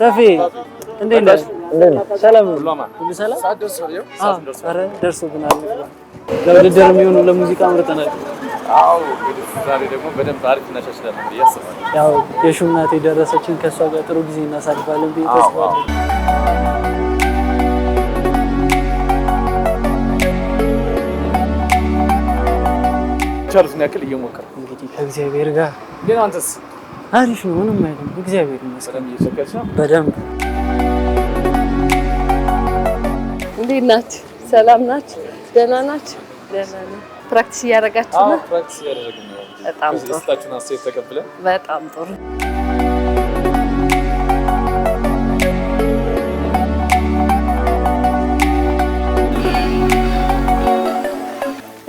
ሰፊ እንዴት ነህ? ሰላም ሁሉ ሰላም ደርሶብናል። ለውድድር የሚሆኑ ለሙዚቃ ምርጠናል። ዛሬ ደግሞ በደንብ አሪፍ እናሻሽላለን ብዬ አስባለሁ። ያው የሹም ናት የደረሰችን ከእሷ ጋር ጥሩ ጊዜ እናሳልፋለን ብዬ ተስፋ አለኝ። የቻሉትን ያክል እየሞከር እንግዲህ ከእግዚአብሔር ጋር ግን አንተስ አሪፍ ነው። ምንም አይደለም። እግዚአብሔር ይመስገን። በደንብ እንዴት ናችሁ? ሰላም ናችሁ? ደህና ናችሁ? ደህና ነን። ፕራክቲስ እያደረጋችሁ ነው? በጣም ጥሩ። በጣም ጥሩ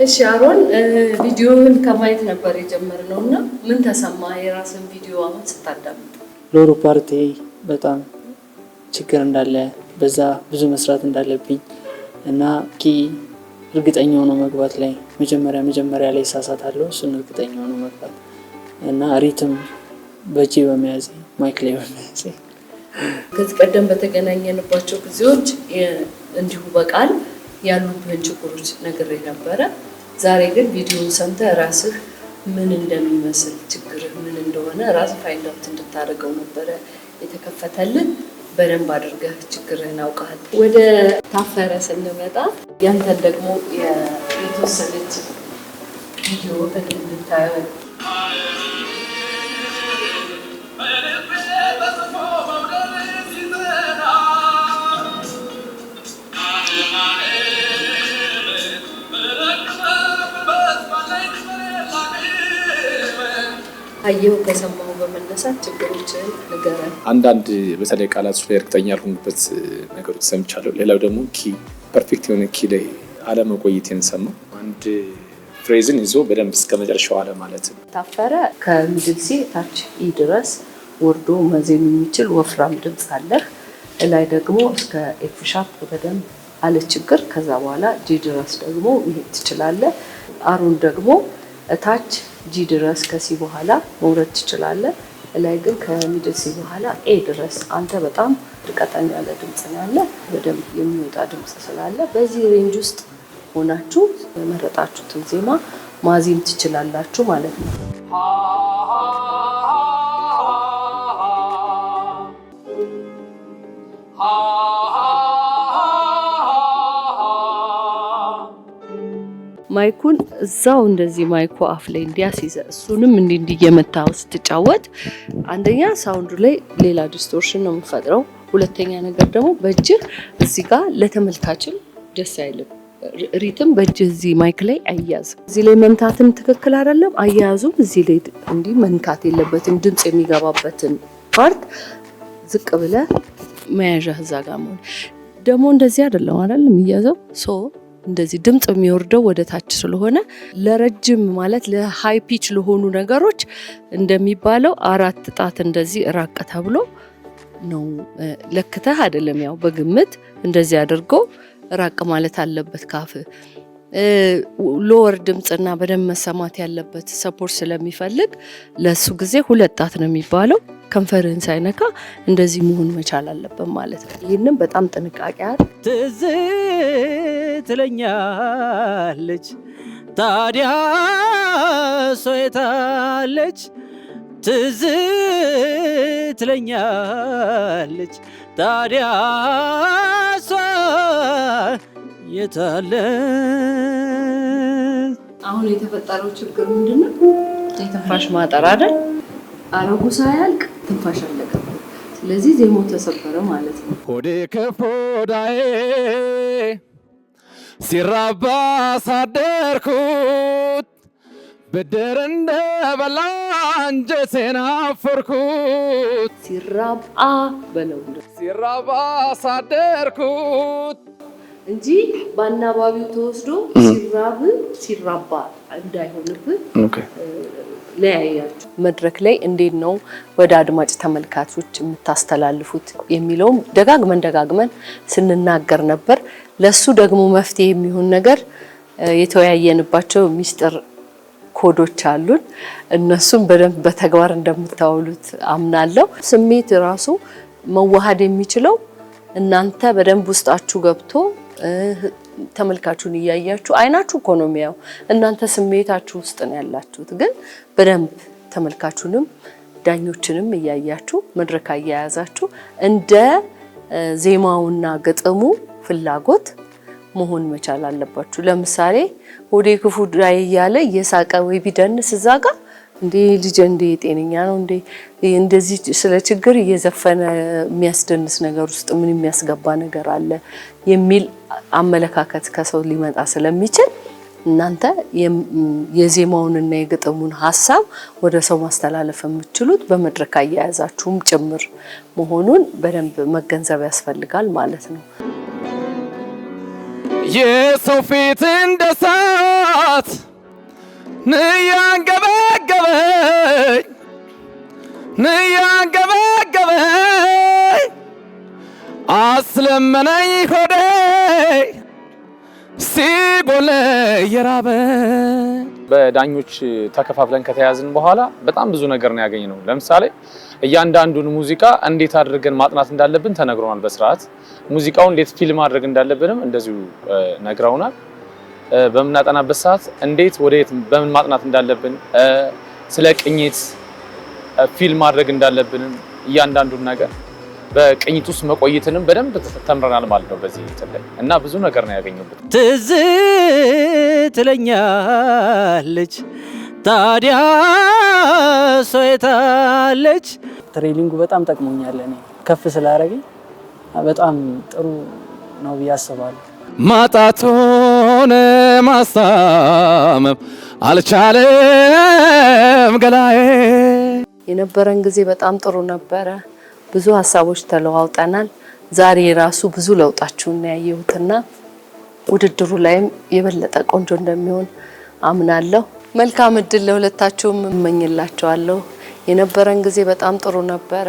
እሺ አሮን ቪዲዮውን ከማየት ነበር የጀመርነው እና ምን ተሰማ? የራስን ቪዲዮ አሁን ስታዳምጥ ሎሩ ፓርቲ በጣም ችግር እንዳለ በዛ ብዙ መስራት እንዳለብኝ እና ኪ እርግጠኛ ሆኖ መግባት ላይ መጀመሪያ መጀመሪያ ላይ ሳሳት አለው እሱን እርግጠኛ ሆኖ መግባት እና ሪትም በእጄ በመያዜ ማይክ ላይ በመያዜ ከዚህ ቀደም በተገናኘንባቸው ጊዜዎች እንዲሁ በቃል ያሉብህን ችግሮች ነግሬ ነበረ። ዛሬ ግን ቪዲዮን ሰምተህ ራስህ ምን እንደሚመስል ችግርህ ምን እንደሆነ ራስህ ፋይንድ አውት እንድታደርገው ነበረ የተከፈተልን። በደንብ አድርገህ ችግርህን አውቀሃል። ወደ ታፈረ ስንመጣ ያንተን ደግሞ የተወሰነች ቪዲዮ እንድታየው አየሁ ከሰማሁ በመነሳት ችግሮችን ንገረን። አንዳንድ በተለይ ቃላት ላይ እርግጠኛ ያልሆኑበት ነገሮች ሰምቻለሁ። ሌላው ደግሞ ኪ ፐርፌክት የሆነ ኪ ላይ አለመቆየቴን ሰማሁ። አንድ ፍሬዝን ይዞ በደንብ እስከ መጨረሻው አለ ማለት ነው። ታፈረ ከምድል ሲ ታች ኢ ድረስ ወርዶ መዜም የሚችል ወፍራም ድምፅ አለህ። እላይ ደግሞ እስከ ኤፍ ሻርፕ በደንብ አለ ችግር። ከዛ በኋላ ጂ ድረስ ደግሞ ይሄድ ትችላለህ። አሩን ደግሞ እታች ጂ ድረስ ከሲ በኋላ መውረድ ትችላለህ። ላይ ግን ከሚድል ሲ በኋላ ኤ ድረስ አንተ በጣም ቀጠን ያለ ድምፅ ነው ያለ በደንብ የሚወጣ ድምፅ ስላለ በዚህ ሬንጅ ውስጥ ሆናችሁ የመረጣችሁትን ዜማ ማዜም ትችላላችሁ ማለት ነው። ማይኩን እዛው እንደዚህ ማይኩ አፍ ላይ እንዲያስይዘ እሱንም እንዲ እንዲ የመታው ስትጫወት አንደኛ ሳውንዱ ላይ ሌላ ዲስቶርሽን ነው የምፈጥረው። ሁለተኛ ነገር ደግሞ በእጅህ እዚህ ጋር ለተመልካችን ደስ አይልም። ሪትም በእጅ እዚህ ማይክ ላይ አያያዝም። እዚህ ላይ መምታትም ትክክል አይደለም። አያያዙም እዚህ ላይ እንዲህ መንካት የለበትም። ድምፅ የሚገባበትን ፓርት ዝቅ ብለህ መያዣ እዛ ጋር መሆን ደግሞ እንደዚህ አይደለም አይደለም የሚያዘው ሶ እንደዚህ ድምፅ የሚወርደው ወደ ታች ስለሆነ ለረጅም ማለት ለሃይ ፒች ለሆኑ ነገሮች እንደሚባለው አራት ጣት እንደዚህ ራቅ ተብሎ ነው ለክተህ አይደለም። ያው በግምት እንደዚህ አድርጎ ራቅ ማለት አለበት ካፍ ሎወር ድምፅና በደንብ መሰማት ያለበት ሰፖርት ስለሚፈልግ ለእሱ ጊዜ ሁለት ጣት ነው የሚባለው። ከንፈርህን ሳይነካ እንደዚህ መሆን መቻል አለብን ማለት ነው። ይህንም በጣም ጥንቃቄ ትዝ ትለኛለች ታዲያ ሶየታለች ትዝ ትለኛለች ታዲያ ሷ የታለ አሁን የተፈጠረው ችግር ምንድን ነው? የትንፋሽ ማጠር አይደል? አረጉ ሳያልቅ ትንፋሽ አለቀበት። ስለዚህ ዜሞ ተሰበረ ማለት ነው። ሆዴ ከፎዳዬ ሲራባ ሳደርኩት ብድር እንደበላ አንጀቴን አፈርኩት። ሲራባ በለው ሲራባ ሳደርኩት እንጂ በአናባቢው ተወስዶ ሲራብ ሲራባ እንዳይሆንብህ ለያያችሁ መድረክ ላይ እንዴት ነው ወደ አድማጭ ተመልካቾች የምታስተላልፉት የሚለውም ደጋግመን ደጋግመን ስንናገር ነበር። ለሱ ደግሞ መፍትሄ የሚሆን ነገር የተወያየንባቸው ሚስጥር ኮዶች አሉን። እነሱም በደንብ በተግባር እንደምታውሉት አምናለሁ። ስሜት ራሱ መዋሃድ የሚችለው እናንተ በደንብ ውስጣችሁ ገብቶ ተመልካቹን እያያችሁ አይናችሁ እኮ ነው የሚያው፣ እናንተ ስሜታችሁ ውስጥ ነው ያላችሁት። ግን በደንብ ተመልካቹንም ዳኞችንም እያያችሁ መድረክ አያያዛችሁ እንደ ዜማውና ግጥሙ ፍላጎት መሆን መቻል አለባችሁ። ለምሳሌ ሆዴ ክፉ ዳይ እያለ እየሳቀ ወይ ቢደንስ እዛ ጋር እንዴ ልጄ እንዴ ጤነኛ ነው እንዴ እንደዚህ ስለ ችግር እየዘፈነ የሚያስደንስ ነገር ውስጥ ምን የሚያስገባ ነገር አለ የሚል አመለካከት ከሰው ሊመጣ ስለሚችል እናንተ የዜማውንና የግጥሙን ሀሳብ ወደ ሰው ማስተላለፍ የምትችሉት በመድረክ አያያዛችሁም ጭምር መሆኑን በደንብ መገንዘብ ያስፈልጋል ማለት ነው። የሰው ፊት እንደ ሰዓት ንያንገ አንገበገበኝ ንያንገበገበኝ አስለመነኝ ሆዴ ሲቦለ የራበ በዳኞች ተከፋፍለን ከተያዝን በኋላ በጣም ብዙ ነገር ነው ያገኘነው። ለምሳሌ እያንዳንዱን ሙዚቃ እንዴት አድርገን ማጥናት እንዳለብን ተነግሮናል። በስርዓት ሙዚቃውን እንዴት ፊልም ማድረግ እንዳለብንም እንደዚሁ ነግረውናል። በምናጠናበት ሰዓት እንዴት ወደየት በምን ማጥናት እንዳለብን ስለ ቅኝት ፊልም ማድረግ እንዳለብንም እያንዳንዱን ነገር በቅኝት ውስጥ መቆየትንም በደንብ ተምረናል ማለት ነው። በዚህ ላይ እና ብዙ ነገር ነው ያገኘሁበት። ትዝ ትለኛለች ታዲያ ሶየታለች። ትሬኒንጉ በጣም ጠቅሞኛል። እኔ ከፍ ስላደረገኝ በጣም ጥሩ ነው ብዬ አስባለሁ። ማጣቱን ማስታመም አልቻለም ገላዬ። የነበረን ጊዜ በጣም ጥሩ ነበረ። ብዙ ሀሳቦች ተለዋውጠናል። ዛሬ የራሱ ብዙ ለውጣችሁን ያየሁትና ውድድሩ ላይም የበለጠ ቆንጆ እንደሚሆን አምናለሁ። መልካም እድል ለሁለታችሁም እመኝላቸዋለሁ። የነበረን ጊዜ በጣም ጥሩ ነበረ።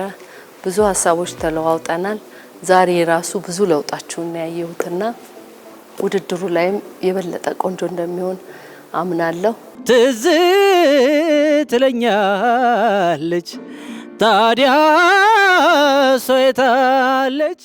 ብዙ ሀሳቦች ተለዋውጠናል። ዛሬ የራሱ ብዙ ለውጣችሁን ያየሁትና ውድድሩ ላይም የበለጠ ቆንጆ እንደሚሆን አምናለሁ። ትዝ ትለኛለች ታዲያ ሶ የታለች